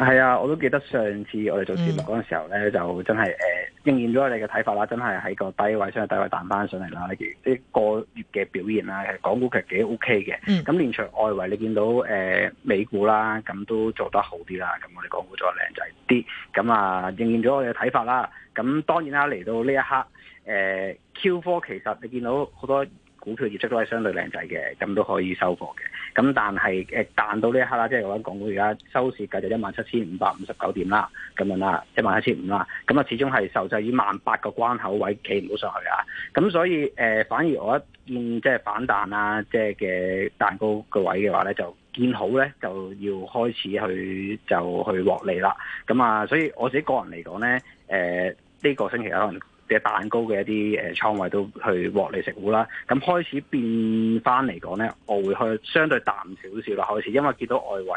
係啊，我都記得上次我哋做節目嗰陣時候咧、嗯，就真係誒、呃、應驗咗你嘅睇法啦，真係喺個低位將個低位彈翻上嚟啦。呢個月嘅表現啦，港股其實幾 OK 嘅。咁連場外圍你見到誒、呃、美股啦，咁都做得好啲啦。咁我哋港股做得靚仔啲。咁啊，應驗咗我哋嘅睇法啦。咁當然啦，嚟到呢一刻，誒，Q4 其實你見到好多。股票業績都係相對靚仔嘅，咁都可以收貨嘅。咁但係誒，彈到呢一刻啦，即係我講到而家收市價就一萬七千五百五十九點啦，咁樣啦，一萬七千五啦。咁啊，始終係受制於萬八個關口位企唔到上去啊。咁所以反而我一見即係反彈啊，即係嘅蛋糕個位嘅話咧，就見好咧，就要開始去就去獲利啦。咁啊，所以我自己個人嚟講咧，誒呢個星期可能。嘅蛋糕嘅一啲誒倉位都去獲利食股啦，咁開始變翻嚟講咧，我會去相對淡少少啦開始，因為見到外圍誒、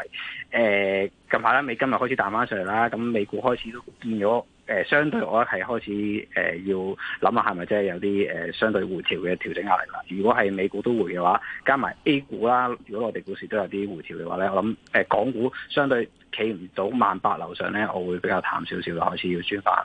呃、近排咧美金又開始淡翻上嚟啦，咁美股開始都變咗、呃、相對我係開始、呃、要諗下係咪真係有啲、呃、相對回調嘅調整壓力啦。如果係美股都會嘅話，加埋 A 股啦，如果內地股市都有啲回調嘅話咧，我諗、呃、港股相對企唔到萬八樓上咧，我會比較淡少少啦，開始要轉反。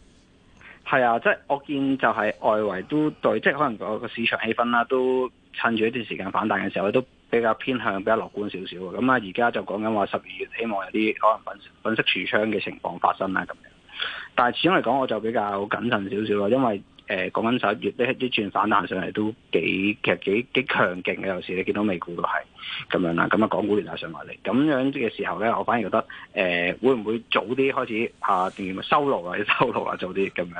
係啊，即係我見就係外圍都對，即係可能個市場氣氛啦、啊，都趁住一段時間反彈嘅時候，都比較偏向比較樂觀少少咁啊，而、嗯、家就講緊話十二月希望有啲可能粉飾櫥窗嘅情況發生啦。咁樣。但係始終嚟講，我就比較謹慎少少咯，因為。誒講緊十一月咧一轉反彈上嚟都幾其實幾極強勁嘅，有時你見到美股都係咁樣啦，咁啊港股連帶上埋嚟咁樣嘅時候咧，我反而覺得誒、呃、會唔會早啲開始啊？點收爐啊？收爐啊？早啲咁樣，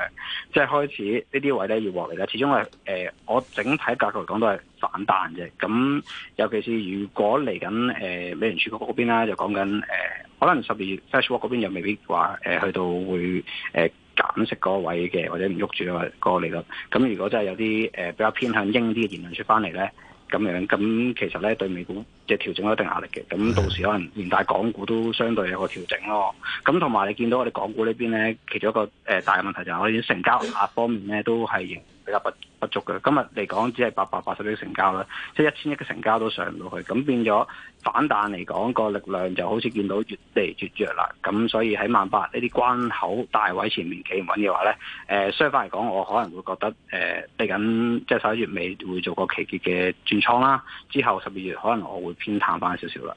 即係開始呢啲位咧要落嚟啦。始終係誒我整體格局嚟講都係反彈啫。咁、呃、尤其是如果嚟緊誒美聯儲局嗰邊啦，就講緊、呃、可能十二月 fast walk 嗰邊又未必話、呃、去到會誒。呃揾食嗰位嘅，或者唔喐住啊，嗰個利率，咁如果真係有啲誒、呃、比較偏向英啲嘅言論出翻嚟咧，咁樣，咁其實咧對美股即係調整有一定壓力嘅。咁到時可能連大港股都相對有個調整咯。咁同埋你見到我哋港股呢邊咧，其中一個誒、呃、大嘅問題就係、是、成交額方面咧都係比較不……不足嘅，今日嚟講只係八百八十億成交啦，即係一千億嘅成交都上唔到去，咁變咗反彈嚟講個力量就好似見到越嚟越弱啦，咁所以喺萬八呢啲關口大位前面企唔穩嘅話咧，誒，相反嚟講，我可能會覺得誒嚟緊即係十一月尾會做個期結嘅轉倉啦，之後十二月可能我會偏淡翻少少啦。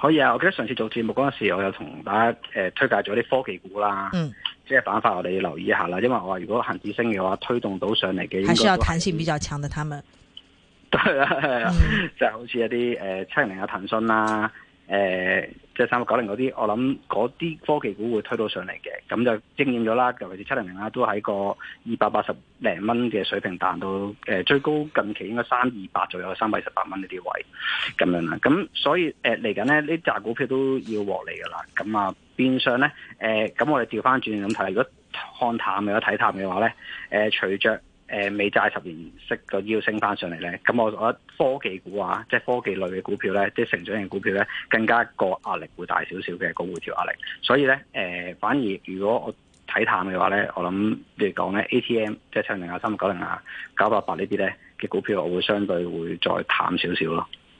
可以啊，我記得上次做節目嗰陣時，我有同大家誒、呃、推介咗啲科技股啦，即係板塊我哋要留意一下啦。因為我話如果恒指升嘅話，推動到上嚟嘅，還需要彈性比較強的，他們對啦，嗯、 就好似一啲誒、呃，七零零，騰訊啦。誒、呃，即係三六九零嗰啲，我諗嗰啲科技股會推到上嚟嘅，咁就精驗咗啦。尤其是七零零啦，都喺個二百八十零蚊嘅水平彈到誒、呃，最高近期應該三二百左右，三百十八蚊呢啲位咁樣啦。咁所以誒嚟緊咧，呃、呢紮股票都要獲利㗎喇。咁啊，變相咧誒，咁、呃、我哋調返轉咁睇，如果看淡或者睇淡嘅話咧，誒、呃、隨着。誒美債十年息個腰升翻上嚟咧，咁我我覺得科技股啊，即係科技類嘅股票咧，即係成長型股票咧，更加個壓力會大少少嘅個回調壓力，所以咧誒，反而如果我睇淡嘅話咧，我諗譬如講咧 ATM，即係七零零啊、三六九零啊、九八八呢啲咧嘅股票，我會相對會再淡少少咯。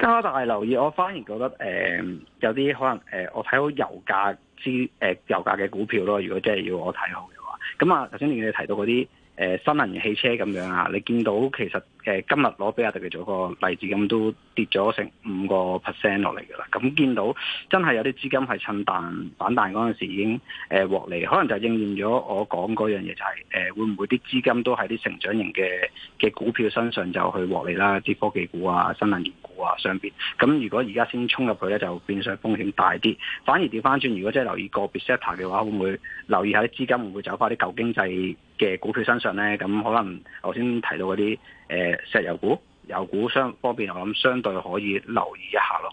加大留意，我反而覺得誒、呃、有啲可能誒、呃，我睇好油價之誒油價嘅股票咯。如果真係要我睇好嘅話，咁啊頭先你你提到嗰啲誒新能源汽車咁樣啊，你見到其實誒、呃、今日攞比亞迪嘅做個例子咁都跌咗成五個 percent 落嚟噶啦。咁見到真係有啲資金係趁彈反彈嗰陣時已經誒獲、呃、利，可能就應驗咗我講嗰樣嘢、就係，就係誒會唔會啲資金都喺啲成長型嘅嘅股票身上就去獲利啦？啲科技股啊，新能源。上邊咁，如果而家先衝入去咧，就變相風險大啲。反而調翻轉，如果真係留意個別 sector 嘅話，會唔會留意下啲資金會唔會走翻啲舊經濟嘅股票身上咧？咁可能頭先提到嗰啲誒石油股、油股相方面，我諗相對可以留意一下咯。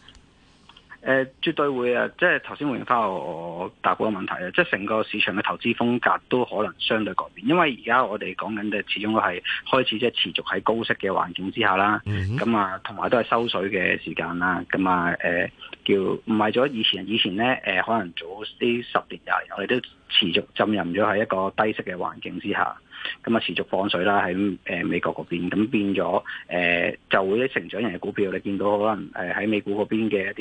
誒、呃，絕對會啊！即係頭先回應翻我答嗰個問題啊。即係成個市場嘅投資風格都可能相對改變，因為而家我哋講緊嘅始終都係開始即係持續喺高息嘅環境之下啦。咁、mm-hmm. 啊，同埋都係收水嘅時間啦。咁啊，誒、呃、叫唔係咗以前，以前咧誒、呃，可能早啲十年廿年，我哋都持續浸淫咗喺一個低息嘅環境之下。咁啊，持續放水啦，喺美國嗰邊，咁變咗誒、呃、就會啲成長型嘅股票，你見到可能喺美股嗰邊嘅一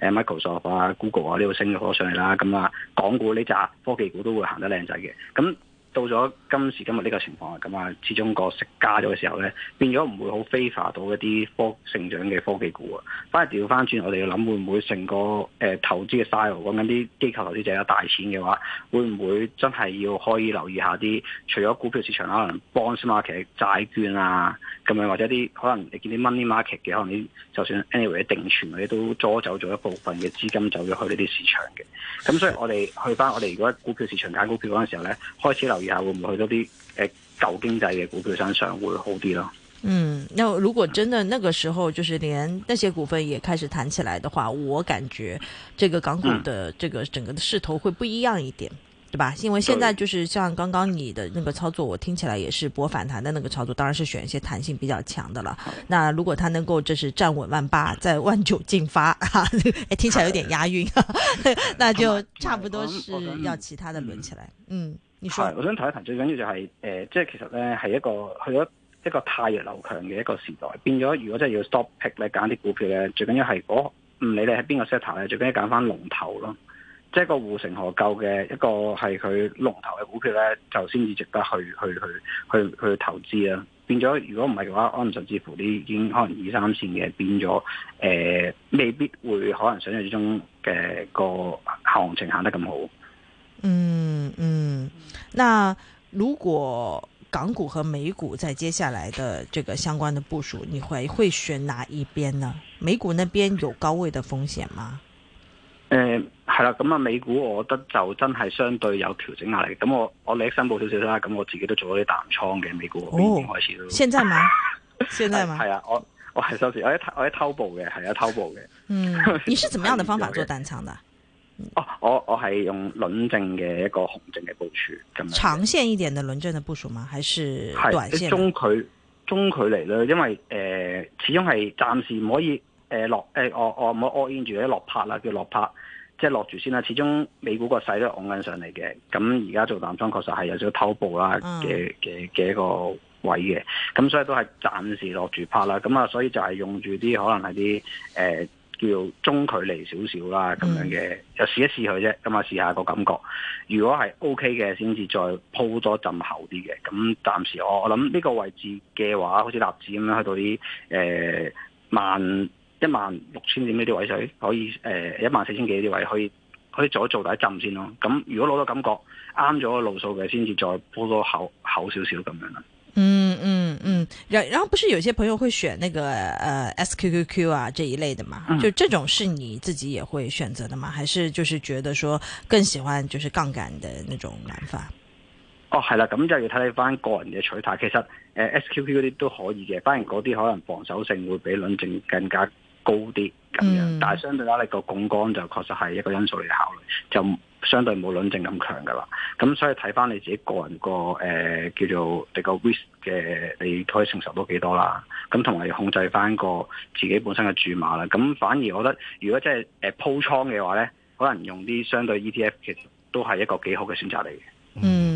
啲 Microsoft 啊、Google 啊呢度升咗好多上嚟啦，咁啊，港股呢紮科技股都會行得靚仔嘅，咁。到咗今時今日呢個情況咁啊，始終個息加咗嘅時候咧，變咗唔會好 favour 到一啲科成長嘅科技股啊。反而調翻轉，我哋要諗會唔會成個誒、呃、投資嘅 style，講緊啲機構投資者有大錢嘅話，會唔會真係要可以留意一下啲，除咗股票市場可能 bond market 債券啊，咁樣或者啲可能你見啲 money market 嘅，可能啲就算 anyway 定存嗰啲都捉走咗一部分嘅資金走咗去呢啲市場嘅。咁所以我哋去翻我哋如果股票市場揀股票嗰陣時候咧，開始留意。以後會唔會去到啲誒、呃、舊經濟嘅股票身上，上會好啲咯？嗯，那如果真的那個時候，就是連那些股份也開始彈起來的話，我感覺這個港股的這個整個的勢頭會不一樣一點，嗯，對吧？因為現在就是像剛剛你的那個操作，我聽起來也是博反彈的那個操作，當然是選一些彈性比較強的了。那如果他能夠就是站穩萬八，在萬九進發，誒，聽起來有點押韻，嗯， 那就差不多是要其他的輪起來，嗯。嗯我想提一提，最緊要就係、是呃，即係其實咧係一個去咗一個汰弱留強嘅一個時代，變咗。如果真係要 stop pick 咧，揀啲股票咧，最緊要係嗰唔理你喺邊個 settle 咧，最緊要揀翻龍頭咯。即係個護城河救嘅一個係佢龍頭嘅股票咧，就先至值得去去去去去投資啊。變咗，如果唔係嘅話，可能甚至乎啲已經可能二三線嘅變咗、呃，未必會可能想像之中嘅個、呃、行情行得咁好。嗯嗯，那如果港股和美股在接下來的這個相關的部署，你會會選哪一邊呢？美股那邊有高位的風險嗎？誒、嗯，係啦、啊，咁、嗯、啊，美股我覺得就真係相對有調整壓力。咁我我嚟申報少少啦，咁我自己都做咗啲淡倉嘅美股我，哦，開始都現在嗎？現在嗎？係 啊，我我係收市，我喺我喺偷步嘅，係啊，偷步嘅。嗯， 你是怎麼樣的方法做淡倉的？ 哦，我我係用輪證嘅一個熊證嘅部署咁，長線一點的輪證的部署嗎？還是短線？中距中距離啦，因為誒、呃、始終係暫時唔可以誒落誒我我我按住啲落拍啦，叫落拍，即係落住先啦。始終美股個勢都往緊上嚟嘅，咁而家做淡倉確實係有少少偷步啦嘅嘅嘅一個位嘅，咁、嗯、所以都係暫時落住拍啦。咁啊，所以就係用住啲可能係啲誒。呃叫中距離少少啦，咁樣嘅又試一試佢啫，咁啊試下個感覺。如果係 OK 嘅，先至再鋪多一浸厚啲嘅。咁暫時我我諗呢個位置嘅話，好似納指咁樣，去到啲誒、呃、萬一萬六千點呢啲位水，可以誒、呃、一萬四千幾啲位，可以可以做一做第一浸先咯。咁如果攞到感覺啱咗個路數嘅，先至再鋪多厚厚少少咁樣啦。然然後不是有些朋友會選那個、呃、，SQQQ 啊這一類的嘛、嗯，就這種是你自己也會選擇的嘛，還是就是覺得說更喜歡就是槓桿的那種玩法？哦，係啦，咁就要睇你返個人嘅取態。其實誒 SQQ 嗰啲都可以嘅，反而嗰啲可能防守性會比輪證更加高啲咁樣，嗯、但係相對啦，你個槓桿就確實係一個因素嚟考慮就。相對冇論證咁強噶啦，咁所以睇翻你自己個人個誒、呃、叫做你個 risk 嘅，你可以承受到幾多啦，咁同埋控制翻個自己本身嘅注碼啦，咁反而我覺得如果真係誒鋪倉嘅話咧，可能用啲相對 ETF 其實都係一個幾好嘅選擇嚟嘅。嗯。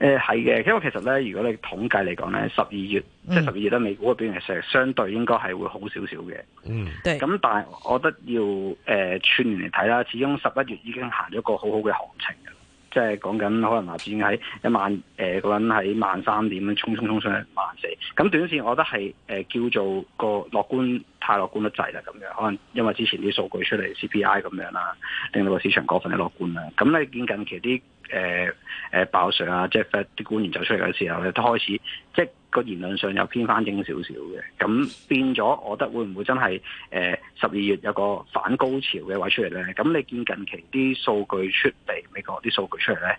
誒係嘅，因為其實咧，如果你統計嚟講咧，十二月、嗯、即係十二月咧，美股嘅表現其實相對應該係會好少少嘅。嗯，咁但係我覺得要誒、呃、串聯嚟睇啦，始終十一月已經行咗個好好嘅行情嘅，即係講緊可能話之前喺一萬誒嗰輪喺萬三點，咁、呃、沖，沖沖沖上去萬四、嗯，咁短綫我覺得係誒、呃、叫做個樂觀太樂觀得滯啦，咁樣可能因為之前啲數據出嚟 CPI 咁樣啦，令到個市場過分嘅樂觀啦，咁你見近期啲。誒、呃、誒、呃、爆上啊！即係啲官員走出嚟嘅時候咧，都開始即係個言論上又偏翻正少少嘅。咁變咗，我覺得會唔會真係誒十二月有個反高潮嘅位出嚟咧？咁你見近期啲數據出嚟，美國啲數據出嚟咧，誒、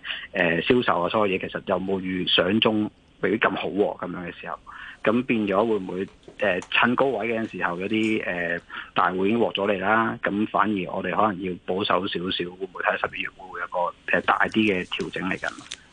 呃、銷售啊，所有嘢其實有冇預想中比咁好咁樣嘅時候，咁變咗會唔會？誒、呃、趁高位嘅時候，有啲誒、呃、大戶已經獲咗嚟啦，咁反而我哋可能要保守少少，會唔會睇下十二月會唔會有個誒大啲嘅調整嚟緊？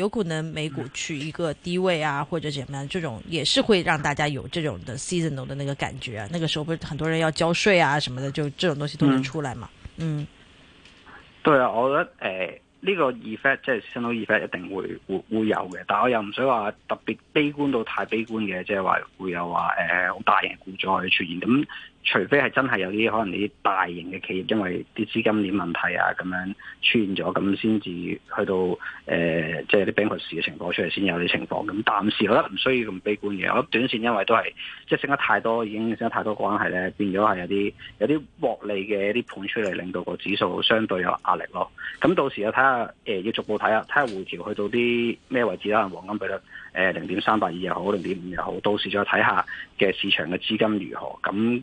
有可能美股去一個低位啊，或者怎麼樣，這種也是會讓大家有這種的 seasonal 的那個感覺，啊。那個時候不是很多人要交稅啊，什麼的，就這種東西都能出來嘛，嗯。嗯，對啊，我覺得誒，呢、呃這個 effect 即係 seasonal effect 一定會會會有嘅，但係我又唔想話特別悲觀到太悲觀嘅，即係話會有話誒好大型股災去出現咁。除非係真係有啲可能啲大型嘅企業，因為啲資金鏈問題啊，咁樣出現咗，咁先至去到誒，即係啲 b 崩潰市嘅情況出嚟先有啲情況。咁，暫時我覺得唔需要咁悲觀嘅。我覺得短線因為都係即係升得太多，已經升得太多關係咧，變咗係有啲有啲獲利嘅一啲盤出嚟，令到個指數相對有壓力咯。咁到時又睇下誒，要逐步睇下，睇下回調去到啲咩位置啦，黃金比率誒零點三八二又好，零點五又好，到時再睇下嘅市場嘅資金如何咁。那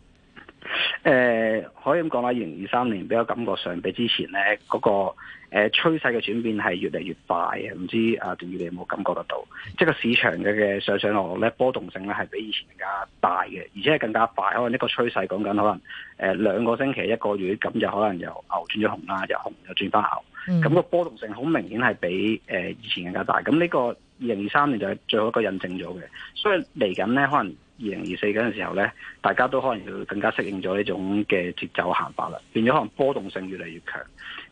誒、呃，可以咁講啦，二零二三年比較感覺上比之前咧，嗰、那個誒趨勢嘅轉變係越嚟越快嘅啊！唔知啊，段宇，你有冇感覺得到？即係個市場嘅上上落落咧，波動性咧係比以前更加大嘅，而且係更加快。可能呢個趨勢講緊可能誒兩、呃、個星期一個月咁就可能由牛轉咗熊啦，由熊又轉翻牛。咁、嗯那個波動性好明顯係比誒、呃、以前更加大。咁呢個二零二三年就係最後一個印證咗嘅。所以嚟緊咧可能。二零二四嗰陣時候呢，大家都可能要更加適應咗呢種嘅節奏行法啦，變咗可能波動性越嚟越強。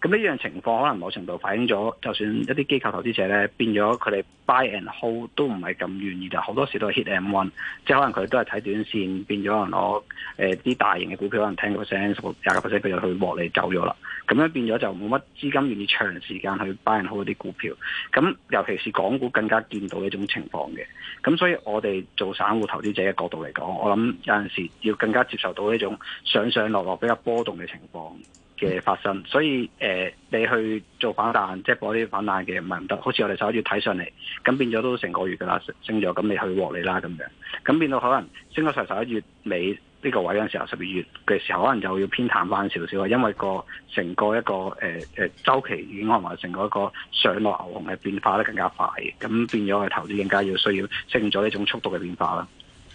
咁呢樣情況可能某程度反映咗，就算一啲機構投資者咧變咗，佢哋 buy and hold 都唔係咁願意就好多時都係 hit and run, 即係可能佢都係睇短線，變咗可能攞啲、呃、大型嘅股票，可能聽個十個 percent、廿個 percent 佢就去獲利走咗啦。咁樣變咗就冇乜資金願意長時間去 buy and hold 啲股票。咁尤其是港股更加見到呢種情況嘅。咁所以我哋做散戶投資者嘅角度嚟講，我諗有陣時要更加接受到呢種上上落落比較波動嘅情況。嘅發生，所以誒、呃，你去做反彈，即係搏啲反彈嘅唔係唔得。好似我哋十一月睇上嚟，咁變咗都成個月噶啦，升咗，咁你去獲利啦咁樣。咁變到可能升到十一月尾呢個位嘅時候，十二月嘅時候，可能就要偏淡翻少少啦。因為個成個一個誒誒週期已經可能成個一個上落牛熊嘅變化咧，更加快。咁變咗係投資更加要需要適應咗呢種速度嘅變化啦。